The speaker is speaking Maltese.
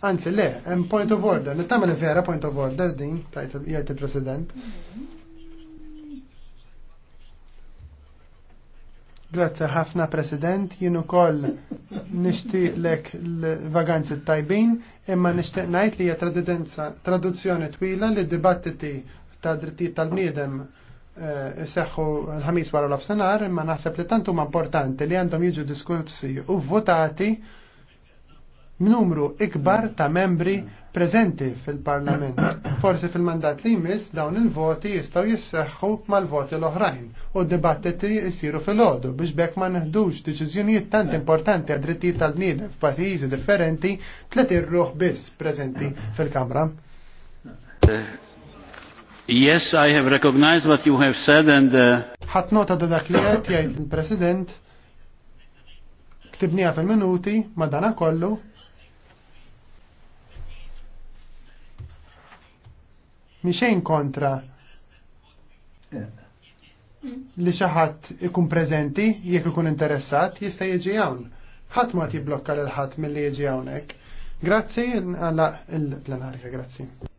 Anzi, le, hemm point of order, tamen vera point of order din, tajt jgħid il-President. Grazzi ħafna President, jien ukoll nixtieq lek l-vaganzi tajbin, imma nixtieq ngħid li hija traduzzjoni twila li dibattiti ta' drittijiet tal-bniedem eh, seħħu l-ħamis wara l-ofsenar, imma naħseb li tantum importanti li għandhom jiġu diskussi u votati numru ikbar ta' membri prezenti fil-Parlament. Forsi fil-mandat li jmiss dawn il-voti jistaw jisseħħu mal-voti l-oħrajn u d-dibattiti jisiru fil-ħodu biex bekk ma neħdux deċiżjonijiet tant importanti għad-drittijiet tal-bniedem f'pajjiżi differenti tlet irruħ biss prezenti fil-Kamra. Uh, yes, I have recognized what you have said and... Uh, Ħat nota da dak li jgħid il-President ktibnija fil-minuti ma dana kollu miexejn kontra li xaħat ikun prezenti, jekk ikun interessat, jista' jiġi hawn. Ħadd ma jibblokka lil ħadd milli jieġi hawnhekk. Grazzi, għalla il-plenarja, grazzi.